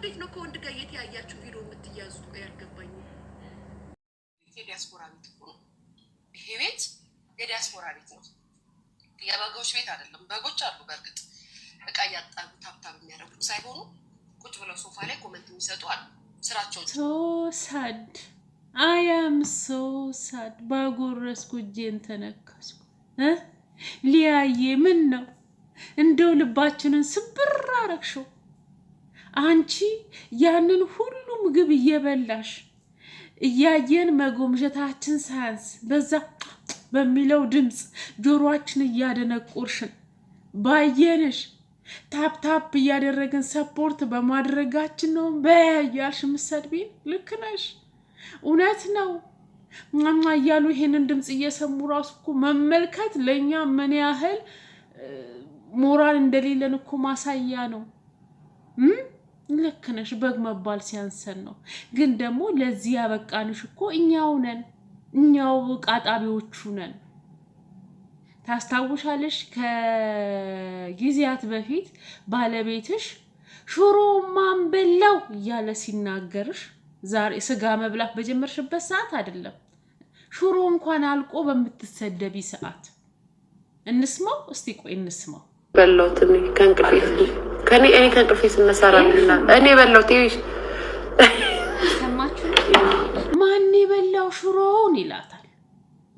እንዴት ነው ከወንድ ጋር የተያያችሁ ቪዲዮ የምትያዙ? ቆይ አልገባኝ። የዲያስፖራ ቤት ነው ይሄ ቤት፣ የዲያስፖራ ቤት ነው። የበጎች ቤት አይደለም። በጎች አሉ በእርግጥ እቃ እያጣሉ ታብታብ የሚያደርጉ ሳይሆኑ ቁጭ ብለው ሶፋ ላይ ኮመንት የሚሰጡ አሉ። ስራቸው ሳድ አያም ሰው ሳድ ባጎረስኩ እጄን ተነከስኩ። ሊያዬ ምን ነው እንደው ልባችንን ስብር አረግሽው። አንቺ ያንን ሁሉ ምግብ እየበላሽ እያየን መጎምጀታችን ሳያንስ በዛ በሚለው ድምፅ ጆሮአችን እያደነቆርሽን ባየንሽ ታፕታፕ እያደረግን ሰፖርት በማድረጋችን ነው በያልሽ ምሰድቢን ልክ ነሽ። እውነት ነው ማማ እያሉ ይሄንን ድምፅ እየሰሙ ራሱ እኮ መመልከት ለእኛ ምን ያህል ሞራል እንደሌለን እኮ ማሳያ ነው። ልክ ነሽ። በግ መባል ሲያንሰን ነው። ግን ደግሞ ለዚህ ያበቃንሽ እኮ እኛው ነን፣ እኛው ቃጣቢዎቹ ነን። ታስታውሻለሽ? ከጊዜያት በፊት ባለቤትሽ ሽሮ ማንበላው እያለ ሲናገርሽ፣ ዛሬ ስጋ መብላት በጀመርሽበት ሰዓት አይደለም ሽሮ እንኳን አልቆ በምትሰደቢ ሰዓት። እንስማው እስቲ፣ ቆይ እንስማው። በላው ትንሽ ከእንቅልፍ ከኔ እኔ ከእንቅልፌ ስነሳራልና እኔ በላው ቲቪ ማን የበላው ሽሮውን ይላታል።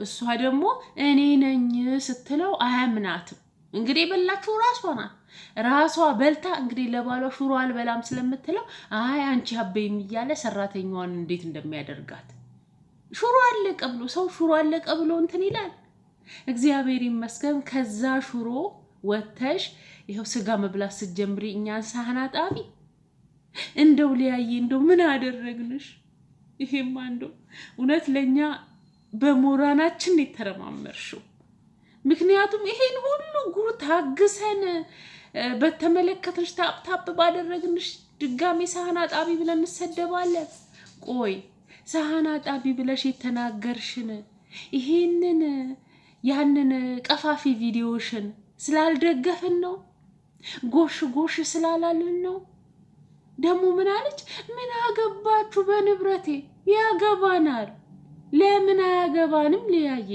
እሷ ደግሞ እኔ ነኝ ስትለው አያምናትም። እንግዲህ በላችሁ ራሷ ናት። ራሷ በልታ እንግዲህ ለባሏ ሽሮ አልበላም ስለምትለው አይ አንቺ አበይም እያለ ሰራተኛዋን እንዴት እንደሚያደርጋት ሽሮ አለቀ ብሎ ሰው ሽሮ አለቀ ብሎ እንትን ይላል። እግዚአብሔር ይመስገን ከዛ ሽሮ ወተሽ ይኸው ስጋ መብላት ስትጀምሪ እኛን ሳህን አጣቢ እንደው ሊያይ እንደው ምን አደረግንሽ? ይሄማ እንደው እውነት ለእኛ በሞራናችን የተረማመርሽው። ምክንያቱም ይሄን ሁሉ ጉር ታግሰን በተመለከትንሽ ታፕታፕ ባደረግንሽ ድጋሜ ሳህን አጣቢ ብለን እንሰደባለን። ቆይ ሳህን አጣቢ ብለሽ የተናገርሽን ይሄንን ያንን ቀፋፊ ቪዲዮሽን ስላልደገፍን ነው? ጎሽ ጎሽ ስላላልን ነው? ደግሞ ምን አለች? ምን አገባችሁ በንብረቴ ያገባናል። ለምን አያገባንም? ልያዬ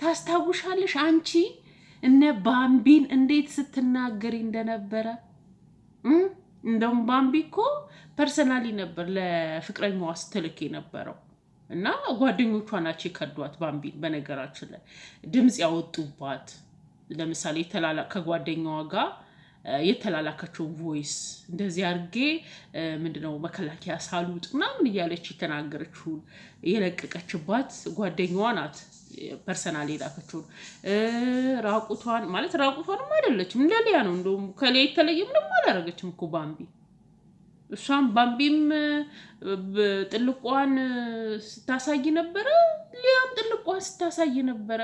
ታስታውሻለሽ አንቺ እነ ባምቢን እንዴት ስትናገሪ እንደነበረ። እንደውም ባምቢ እኮ ፐርሰናሊ ነበር ለፍቅረኛዋ ስትልክ የነበረው እና ጓደኞቿ ናቸው የከዷት ባምቢን። በነገራችን ላይ ድምፅ ያወጡባት ለምሳሌ ከጓደኛዋ ጋር የተላላከችውን ቮይስ እንደዚህ አድርጌ ምንድነው መከላከያ ሳሉጥ ምናምን እያለች የተናገረችውን የለቀቀችባት ጓደኛዋ ናት። ፐርሰናል የላከችውን ራቁቷን ማለት ራቁቷንም አይደለችም እንደሊያ ነው። እንደውም ከሊያ የተለየ ምንም አላደረገችም እኮ ባምቢ። እሷም ባምቢም ጥልቋን ስታሳይ ነበረ፣ ሊያም ጥልቋን ስታሳይ ነበረ።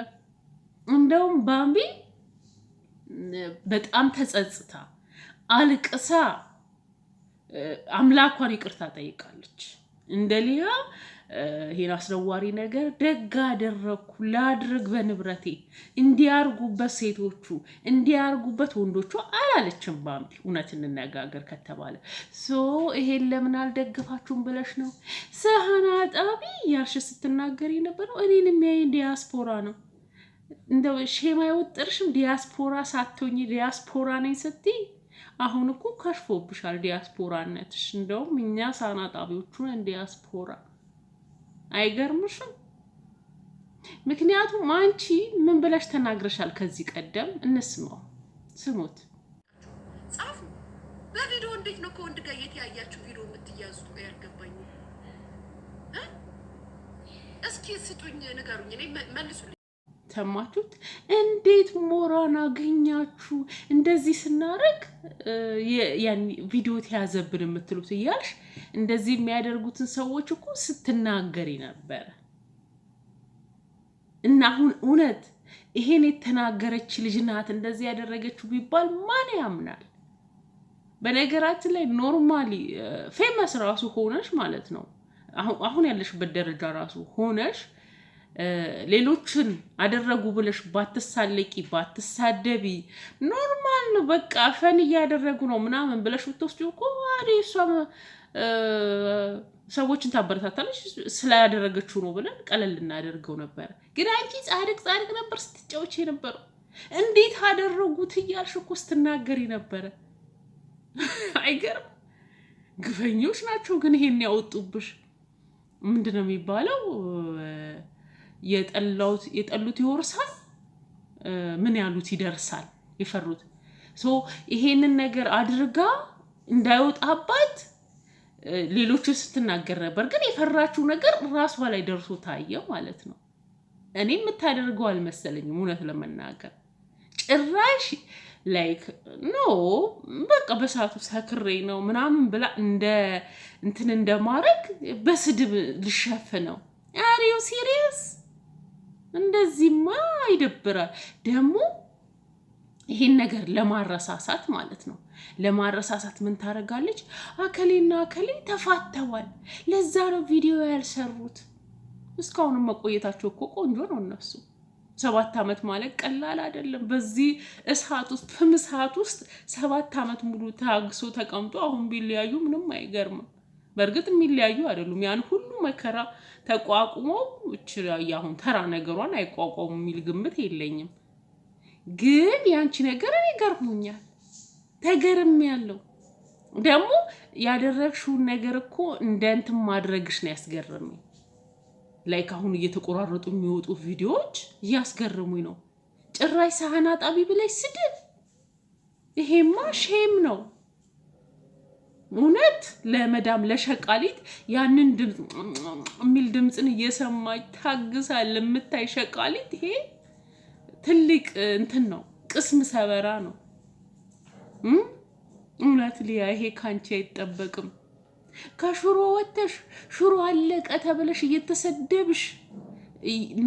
እንደውም ባምቢ በጣም ተጸጽታ አልቅሳ አምላኳን ይቅርታ ጠይቃለች። እንደ ሊያ ይሄን አስነዋሪ ነገር ደግ አደረግኩ ላድርግ በንብረቴ እንዲያርጉበት ሴቶቹ እንዲያርጉበት ወንዶቹ አላለችም። ባምቢ እውነት እንነጋገር ከተባለ ሶ ይሄን ለምን አልደግፋችሁም ብለሽ ነው ሰሃና ጣቢ ያልሽ ስትናገር የነበረው እኔን የሚያይ ዲያስፖራ ነው። እንደው ሼማ አይወጥርሽም? ዲያስፖራ ሳትሆኚ ዲያስፖራ ነኝ ስትይ አሁን እኮ ከሽፎብሻል ዲያስፖራነትሽ። እንደውም እኛ ሳና ጣቢዎቹ ነን ዲያስፖራ አይገርምሽም? ምክንያቱም አንቺ ምን ብለሽ ተናግረሻል ከዚህ ቀደም? እንስማው። ስሙት። ጻፉ። በቪዲዮ እንዴት ነው ከወንድ ጋር የተያያችሁ ቪዲዮ የምትያዙት? ቆይ ያልገባኝ እስኪ ስጡኝ፣ ንገሩኝ። እኔ መልሱልኝ። ሰማችሁት? እንዴት ሞራን አገኛችሁ? እንደዚህ ስናደርግ ቪዲዮ ተያዘብን የምትሉት እያልሽ እንደዚህ የሚያደርጉትን ሰዎች እኮ ስትናገሪ ነበረ እና አሁን እውነት ይሄን የተናገረች ልጅ ናት እንደዚህ ያደረገችው ቢባል ማን ያምናል? በነገራችን ላይ ኖርማሊ ፌመስ ራሱ ሆነሽ ማለት ነው አሁን ያለሽበት ደረጃ ራሱ ሆነሽ ሌሎችን አደረጉ ብለሽ ባትሳለቂ ባትሳደቢ፣ ኖርማል ነው በቃ ፈን እያደረጉ ነው ምናምን ብለሽ ብትወስጂው እኮ አይደል እሷ ሰዎችን ታበረታታለች ስላደረገችው ነው ብለን ቀለል እናደርገው ነበር። ግን አንቺ ጻድቅ ጻድቅ ነበር ስትጫዎች የነበረው እንዴት አደረጉት እያልሽ እኮ ስትናገሪ ነበረ። አይገርም? ግፈኞች ናቸው ግን ይሄን ያወጡብሽ ምንድን ነው የሚባለው የጠሉት ይወርሳል፣ ምን ያሉት ይደርሳል። የፈሩት ይሄንን ነገር አድርጋ እንዳይወጣባት ሌሎቹ ስትናገር ነበር። ግን የፈራችው ነገር ራሷ ላይ ደርሶ ታየ ማለት ነው። እኔ የምታደርገው አልመሰለኝም እውነት ለመናገር ጭራሽ ላይክ ኖ በቃ በሰዓቱ ሰክሬ ነው ምናምን ብላ እንደ እንትን እንደማድረግ በስድብ ልሸፍ ነው። አሪው ሲሪየስ እንደዚህማ ይደብራል። ደግሞ ይሄን ነገር ለማረሳሳት ማለት ነው ለማረሳሳት ምን ታደርጋለች? አከሌና አከሌ ተፋተዋል፣ ለዛ ነው ቪዲዮ ያልሰሩት። እስካሁንም መቆየታቸው እኮ ቆንጆ ነው። እነሱ ሰባት ዓመት ማለት ቀላል አይደለም። በዚህ እሳት ውስጥ ፍም እሳት ውስጥ ሰባት ዓመት ሙሉ ታግሶ ተቀምጦ አሁን ቢለያዩ ምንም አይገርምም። በእርግጥ የሚለያዩ አይደሉም። ያን ሁሉ መከራ ተቋቁሞ አሁን ተራ ነገሯን አይቋቋሙ የሚል ግምት የለኝም። ግን ያንቺ ነገር እኔ ገርሞኛል፣ ተገርም ያለው ደግሞ ያደረግሽውን ነገር እኮ እንደ እንትን ማድረግሽ ነው ያስገረመኝ። ላይክ አሁን እየተቆራረጡ የሚወጡ ቪዲዮዎች እያስገረሙኝ ነው። ጭራሽ ሳህን አጣቢ ብለሽ ስድብ! ይሄማ ሼም ነው። እውነት ለመዳም ለሸቃሊት ያንን የሚል ድምፅን እየሰማች ታግሳል ለምታይ ሸቃሊት ይሄ ትልቅ እንትን ነው፣ ቅስም ሰበራ ነው። እውነት ሊያ ይሄ ካንቺ አይጠበቅም። ከሽሮ ወተሽ ሽሮ አለቀ ተብለሽ እየተሰደብሽ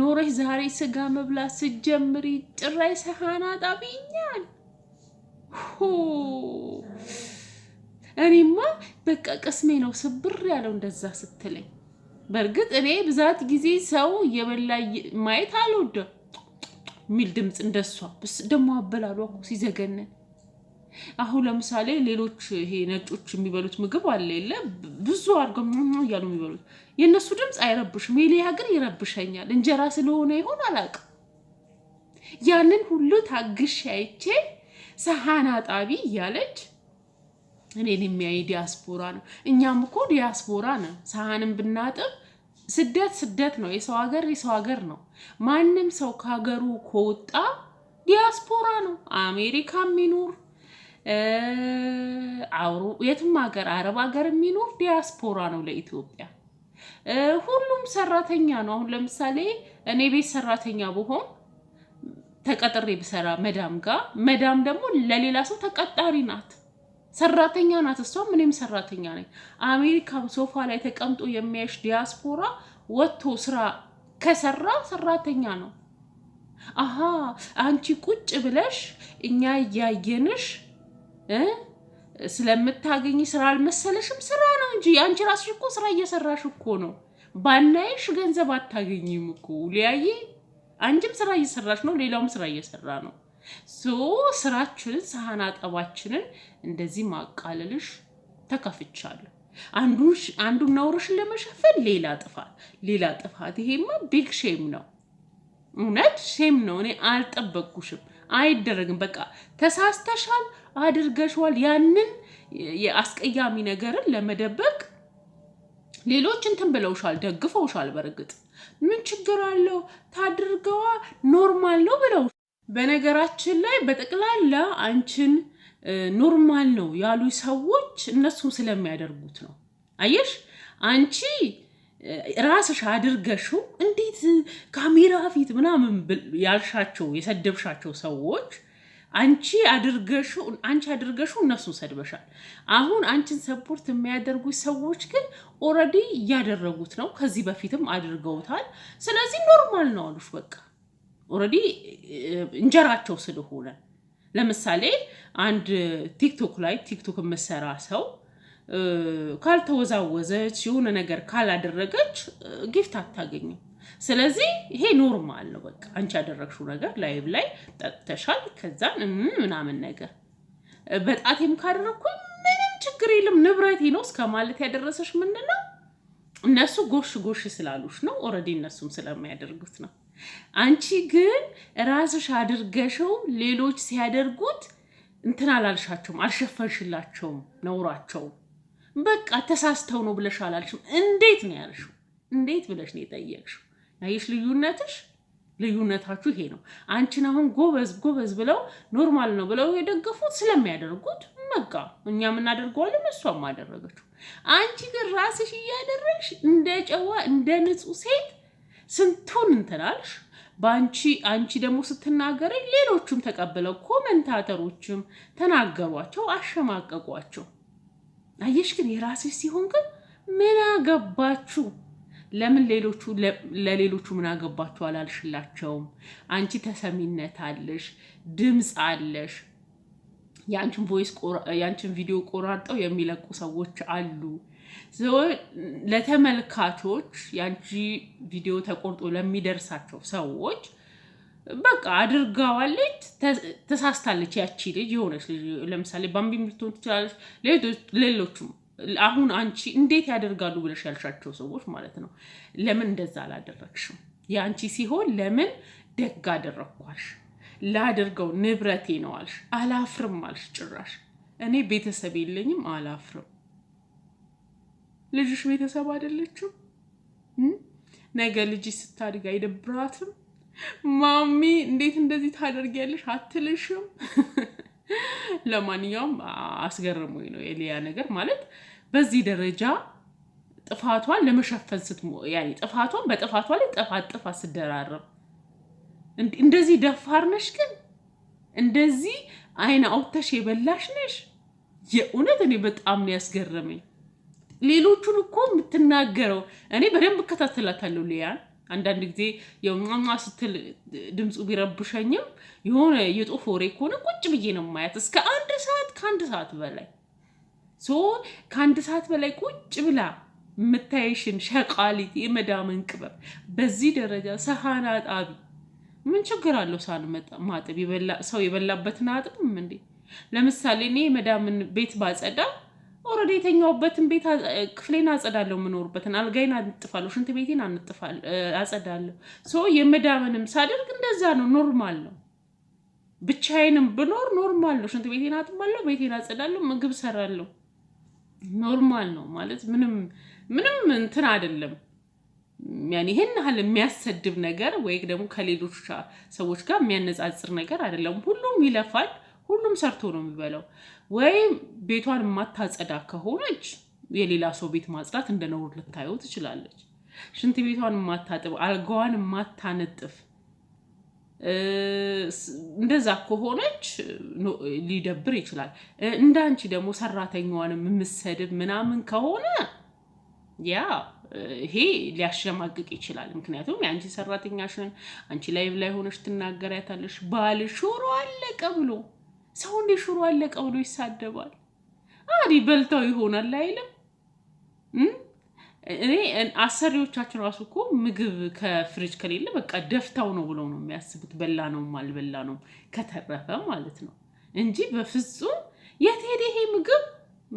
ኖረሽ ዛሬ ስጋ መብላት ስጀምሪ ጭራይ ሰሃን አጣብኛል። እኔማ በቃ ቅስሜ ነው ስብር ያለው እንደዛ ስትለኝ። በእርግጥ እኔ ብዛት ጊዜ ሰው እየበላ ማየት አልወደም የሚል ድምፅ እንደሷ ደግሞ አበላሏ ሲዘገነን አሁን ለምሳሌ ሌሎች ይሄ ነጮች የሚበሉት ምግብ አለ የለ ብዙ አድርገው እያሉ የሚበሉት የእነሱ ድምፅ አይረብሽም። ሜሊያ ግን ይረብሸኛል። እንጀራ ስለሆነ ይሆን አላውቅም። ያንን ሁሉ ታግሽ አይቼ ሰሃን አጣቢ እያለች እኔን የሚያይ ዲያስፖራ ነው። እኛም እኮ ዲያስፖራ ነው። ሳህንም ብናጥብ ስደት ስደት ነው። የሰው ሀገር የሰው ሀገር ነው። ማንም ሰው ከሀገሩ ከወጣ ዲያስፖራ ነው። አሜሪካ የሚኖር አውሮ የትም ሀገር አረብ ሀገር የሚኖር ዲያስፖራ ነው ለኢትዮጵያ። ሁሉም ሰራተኛ ነው። አሁን ለምሳሌ እኔ ቤት ሰራተኛ ብሆን ተቀጥሬ ብሰራ መዳም ጋር፣ መዳም ደግሞ ለሌላ ሰው ተቀጣሪ ናት። ሰራተኛ ናት እሷ፣ ምንም ሰራተኛ ነኝ። አሜሪካ ሶፋ ላይ ተቀምጦ የሚያይሽ ዲያስፖራ ወጥቶ ስራ ከሰራ ሰራተኛ ነው። አሀ አንቺ ቁጭ ብለሽ እኛ እያየንሽ ስለምታገኝ ስራ አልመሰለሽም? ስራ ነው እንጂ አንቺ ራስሽ እኮ ስራ እየሰራሽ እኮ ነው። ባናይሽ ገንዘብ አታገኝም እኮ ሊያየ አንቺም ስራ እየሰራሽ ነው፣ ሌላውም ስራ እየሰራ ነው። ሶ ስራችንን ሳህን አጠባችንን እንደዚህ ማቃለልሽ ተከፍቻለሁ። አንዱን ነውርሽን ለመሸፈን ሌላ ጥፋት ሌላ ጥፋት። ይሄማ ቢግ ሼም ነው፣ እውነት ሼም ነው። እኔ አልጠበቅኩሽም። አይደረግም። በቃ ተሳስተሻል፣ አድርገሽዋል። ያንን የአስቀያሚ ነገርን ለመደበቅ ሌሎች እንትን ብለውሻል፣ ደግፈውሻል። በእርግጥ ምን ችግር አለው ታድርገዋ፣ ኖርማል ነው ብለው በነገራችን ላይ በጠቅላላ አንቺን ኖርማል ነው ያሉ ሰዎች እነሱም ስለሚያደርጉት ነው። አየሽ አንቺ ራስሽ አድርገሽው እንዴት ካሜራ ፊት ምናምን ያልሻቸው የሰደብሻቸው ሰዎች አንቺ አድርገሽው አንቺ አድርገሽው እነሱን ሰድበሻል። አሁን አንቺን ሰፖርት የሚያደርጉ ሰዎች ግን ኦልሬዲ እያደረጉት ነው። ከዚህ በፊትም አድርገውታል። ስለዚህ ኖርማል ነው አሉሽ በቃ ኦልሬዲ እንጀራቸው ስለሆነ ለምሳሌ አንድ ቲክቶክ ላይ ቲክቶክ የምሰራ ሰው ካልተወዛወዘች የሆነ ነገር ካላደረገች ጊፍት አታገኝም። ስለዚህ ይሄ ኖርማል ነው። በቃ አንቺ ያደረግሽው ነገር ላይቭ ላይ ጠጥተሻል፣ ከዛን ምናምን ነገር በጣቴም ካደረግኩኝ ምንም ችግር የለም ንብረቴ ነው እስከ ማለት ያደረሰሽ ምንድን ነው? እነሱ ጎሽ ጎሽ ስላሉሽ ነው። ኦልሬዲ እነሱም ስለማያደርጉት ነው። አንቺ ግን ራስሽ አድርገሽው ሌሎች ሲያደርጉት እንትን አላልሻቸውም፣ አልሸፈንሽላቸውም ነውራቸው በቃ ተሳስተው ነው ብለሽ አላልሽም። እንዴት ነው ያልሽው? እንዴት ብለሽ ነው የጠየቅሽው? ያየሽ ልዩነትሽ ልዩነታችሁ ይሄ ነው። አንቺን አሁን ጎበዝ ጎበዝ ብለው ኖርማል ነው ብለው የደገፉት ስለሚያደርጉት በቃ እኛም እናደርገዋለን፣ እሷም አደረገችው። አንቺ ግን ራስሽ እያደረግሽ እንደ ጨዋ እንደ ንጹህ ሴት ስንቱን እንትናልሽ በአንቺ አንቺ ደግሞ ስትናገረኝ ሌሎቹም ተቀብለው ኮመንታተሮችም ተናገሯቸው፣ አሸማቀቋቸው። አየሽ ግን የራስሽ ሲሆን ግን ምን አገባችሁ? ለምን ሌሎቹ ለሌሎቹ ምን አገባችሁ አላልሽላቸውም? አንቺ ተሰሚነት አለሽ፣ ድምፅ አለሽ። የአንቺን ቮይስ የአንቺን ቪዲዮ ቆራርጠው የሚለቁ ሰዎች አሉ። ለተመልካቾች ያንቺ ቪዲዮ ተቆርጦ ለሚደርሳቸው ሰዎች በቃ አድርጋዋለች፣ ተሳስታለች። ያቺ ልጅ የሆነች ልጅ ለምሳሌ ባምቢም ልትሆን ትችላለች፣ ሌሎቹም አሁን አንቺ እንዴት ያደርጋሉ ብለሽ ያልሻቸው ሰዎች ማለት ነው። ለምን እንደዛ አላደረግሽም? የአንቺ ሲሆን ለምን ደግ አደረግኳልሽ? ላድርገው ንብረቴ ነው አልሽ፣ አላፍርም አልሽ። ጭራሽ እኔ ቤተሰብ የለኝም አላፍርም ልጅሽ ቤተሰብ አይደለችም? ነገ ልጅ ስታድግ አይደብራትም? ማሚ እንዴት እንደዚህ ታደርጊያለሽ አትልሽም? ለማንኛውም አስገርሞኝ ነው የሊያ ነገር ማለት በዚህ ደረጃ ጥፋቷን ለመሸፈን ስትሞ ያኔ ጥፋቷን በጥፋቷ ላይ ጥፋት ጥፋት ስደራረብ እንደዚህ ደፋር ነሽ ግን እንደዚህ አይን አውጥተሽ የበላሽ ነሽ። የእውነት እኔ በጣም ነው ያስገረመኝ። ሌሎቹን እኮ የምትናገረው እኔ በደንብ እከታተላታለሁ። ሊያን አንዳንድ ጊዜ የማማ ስትል ድምፁ ቢረብሸኝም የሆነ የጦፍ ወሬ ከሆነ ቁጭ ብዬ ነው ማያት እስከ አንድ ሰዓት ከአንድ ሰዓት በላይ ሲሆን ከአንድ ሰዓት በላይ ቁጭ ብላ የምታይሽን ሸቃሊት የመዳምን ቅበብ በዚህ ደረጃ ሰሃን አጣቢ ምን ችግር አለው? ሳን ማጠብ ሰው የበላበትን አጥብም እንዴ? ለምሳሌ እኔ የመዳምን ቤት ባጸዳ ኦልሬዲ የተኛውበትን ቤት ክፍሌን አጸዳለሁ፣ የምኖርበትን አልጋይን አንጥፋለሁ፣ ሽንት ቤቴን አጸዳለሁ። ሶ የመዳመንም ሳደርግ እንደዛ ነው፣ ኖርማል ነው። ብቻዬንም ብኖር ኖርማል ነው። ሽንት ቤቴን አጥባለሁ፣ ቤቴን አጸዳለሁ፣ ምግብ ሰራለሁ። ኖርማል ነው ማለት ምንም ምንም እንትን አይደለም። ያን ይሄን ያህል የሚያሰድብ ነገር ወይ ደግሞ ከሌሎች ሰዎች ጋር የሚያነጻጽር ነገር አይደለም። ሁሉም ይለፋል። ሁሉም ሰርቶ ነው የሚበላው። ወይም ቤቷን የማታጸዳ ከሆነች የሌላ ሰው ቤት ማጽዳት እንደ ነውር ልታየው ትችላለች። ሽንት ቤቷን የማታጥብ አልጋዋን የማታነጥፍ እንደዛ ከሆነች ሊደብር ይችላል። እንዳንቺ ደግሞ ሰራተኛዋን የምሰድብ ምናምን ከሆነ ያ ይሄ ሊያሸማቅቅ ይችላል። ምክንያቱም የአንቺ ሰራተኛሽን አንቺ ላይ ላይ ሆነሽ ትናገሪያታለሽ ባል ሾሮ አለቀ ብሎ ሰው እንደ ሽሮ አለቀ ብሎ ይሳደባል። አዲ በልተው ይሆናል አይልም። እኔ አሰሪዎቻችን ራሱ እኮ ምግብ ከፍሪጅ ከሌለ በቃ ደፍታው ነው ብለው ነው የሚያስቡት። በላ ነውም አልበላ ነው ከተረፈ ማለት ነው እንጂ በፍጹም የት ሄደ ይሄ ምግብ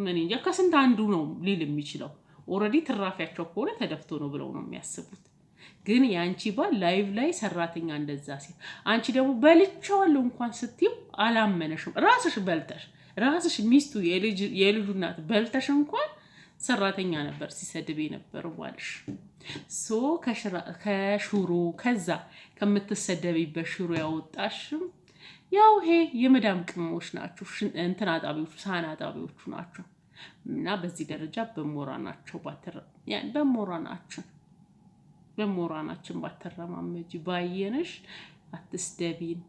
ምን እንጃ ከስንት አንዱ ነው ሊል የሚችለው ኦልሬዲ ትራፊያቸው ከሆነ ተደፍቶ ነው ብለው ነው የሚያስቡት። ግን የአንቺ ባል ላይቭ ላይ ሰራተኛ እንደዛ ሲል አንቺ ደግሞ በልቼዋለሁ እንኳን ስትይው አላመነሽም። ራስሽ በልተሽ ራስሽ ሚስቱ የልጁ እናት በልተሽ እንኳን ሰራተኛ ነበር ሲሰድብ የነበረው ባልሽ። ሶ ከሽሮ ከዛ ከምትሰደቢበት ሽሮ ያወጣሽም ያው ይሄ የመዳም ቅመሞች ናቸው፣ እንትን አጣቢዎቹ፣ ሳህን አጣቢዎቹ ናቸው። እና በዚህ ደረጃ በሞራ ናቸው፣ ባትረ በሞራ ናቸው። በሞራናችን ባተረማመጅ ባየነሽ አትስደቢን።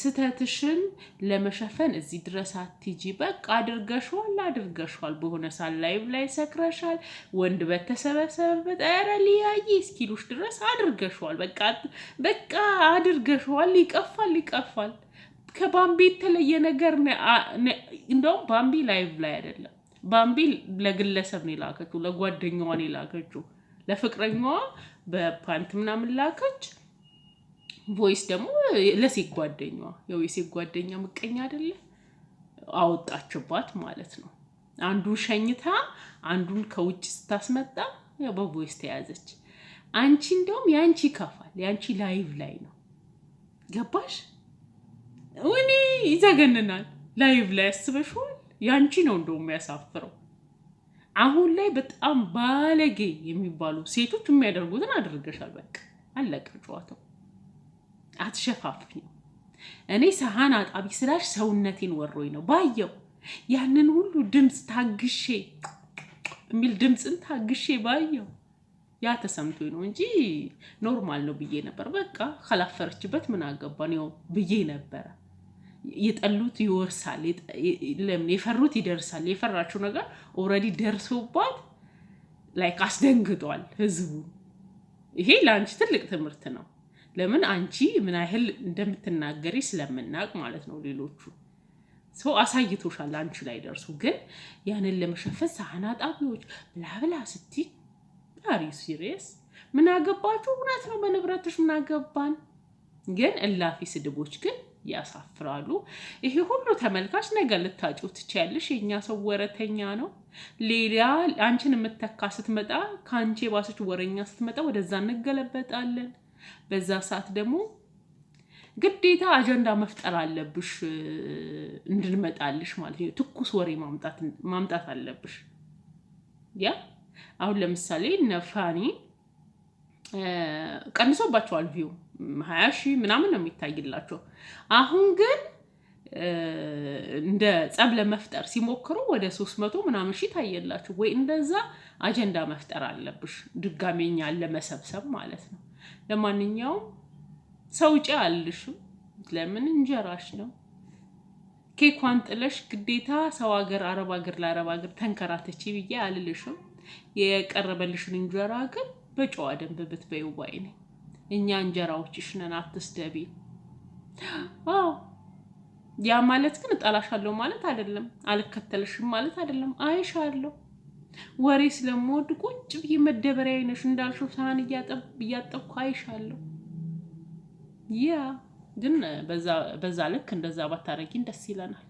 ስተትሽን ለመሸፈን እዚህ ድረስ አትጂ። በቃ አድርገሽዋል አድርገሽዋል። በሆነ ሳል ላይቭ ላይ ሰክረሻል፣ ወንድ በተሰበሰበበት ኧረ ሊያይ እስኪሉሽ ድረስ አድርገሽዋል። በቃ በቃ አድርገሽዋል። ይቀፋል ይቀፋል። ከባምቢ የተለየ ነገር እንደውም ባምቢ ላይቭ ላይ አይደለም። ባምቢ ለግለሰብ ነው የላከችው፣ ለጓደኛዋ ነው የላከችው። ለፍቅረኛዋ በፓንት ምናምን ላከች። ቮይስ ደግሞ ለሴት ጓደኛዋ ያው የሴት ጓደኛ ምቀኛ አይደለ አወጣችባት ማለት ነው። አንዱን ሸኝታ አንዱን ከውጭ ስታስመጣ ያው በቮይስ ተያዘች። አንቺ እንደውም የአንቺ ይከፋል፣ የአንቺ ላይቭ ላይ ነው ገባሽ? እኔ ይዘገንናል። ላይቭ ላይ ያስበሽዋል። የአንቺ ነው እንደውም ያሳፍረው አሁን ላይ በጣም ባለጌ የሚባሉ ሴቶች የሚያደርጉትን አድርገሻል። በቃ አለቀ ጨዋታው። አትሸፋፍኝ። እኔ ሰሃን አጣቢ ስላሽ ሰውነቴን ወሮኝ ነው ባየው ያንን ሁሉ ድምፅ ታግሼ የሚል ድምፅን ታግሼ ባየው ያ ተሰምቶኝ ነው እንጂ ኖርማል ነው ብዬ ነበር። በቃ ካላፈረችበት ምን አገባን ያው ብዬ ነበረ። የጠሉት ይወርሳል። ለምን የፈሩት ይደርሳል። የፈራችው ነገር ኦልሬዲ ደርሶባት ላይክ አስደንግጧል ህዝቡ። ይሄ ለአንቺ ትልቅ ትምህርት ነው። ለምን አንቺ ምን ያህል እንደምትናገሪ ስለምናቅ ማለት ነው። ሌሎቹ ሰው አሳይቶሻል አንቺ ላይ ደርሱ። ግን ያንን ለመሸፈን ሳህና ጣቢዎች ብላብላ ስቲ ሪ ሲሪየስ ምን አገባችሁ? እውነት ነው በንብረትሽ ምን አገባን? ግን እላፊ ስድቦች ግን ያሳፍራሉ። ይሄ ሁሉ ተመልካች ነገ ልታጭው ትችያለሽ። የእኛ ሰው ወረተኛ ነው። ሌላ አንቺን የምትተካ ስትመጣ፣ ከአንቺ የባሰች ወረኛ ስትመጣ ወደዛ እንገለበጣለን። በዛ ሰዓት ደግሞ ግዴታ አጀንዳ መፍጠር አለብሽ እንድንመጣልሽ ማለት ነው። ትኩስ ወሬ ማምጣት አለብሽ። ያ አሁን ለምሳሌ ነፋኒ ቀንሶባቸዋል ቪው ሀያ ሺህ ምናምን ነው የሚታይላቸው። አሁን ግን እንደ ጸብ ለመፍጠር ሲሞክሩ ወደ ሶስት መቶ ምናምን ሺህ ታየላቸው። ወይ እንደዛ አጀንዳ መፍጠር አለብሽ ድጋሜኛ ለመሰብሰብ ማለት ነው። ለማንኛውም ሰው ውጪ አልልሽም። ለምን እንጀራሽ ነው። ኬኳን ጥለሽ ግዴታ ሰው ሀገር፣ አረብ ሀገር ለአረብ ሀገር ተንከራተች ብዬ አልልሽም። የቀረበልሽን እንጀራ ግን በጨዋ ደንብ ብትበይው ባይ ነኝ። እኛ እንጀራዎችሽ ነን፣ አትስደቢ። አዎ ያ ማለት ግን እጠላሻለሁ ማለት አይደለም፣ አልከተልሽም ማለት አይደለም። አይሻለሁ። ወሬ ስለምወድ ቁጭ ብዬ መደበሪያ አይነሽ እንዳልሽው ሳህን እያጠብኩ አይሻለሁ። ያ ግን በዛ ልክ እንደዛ ባታረጊን ደስ ይለናል።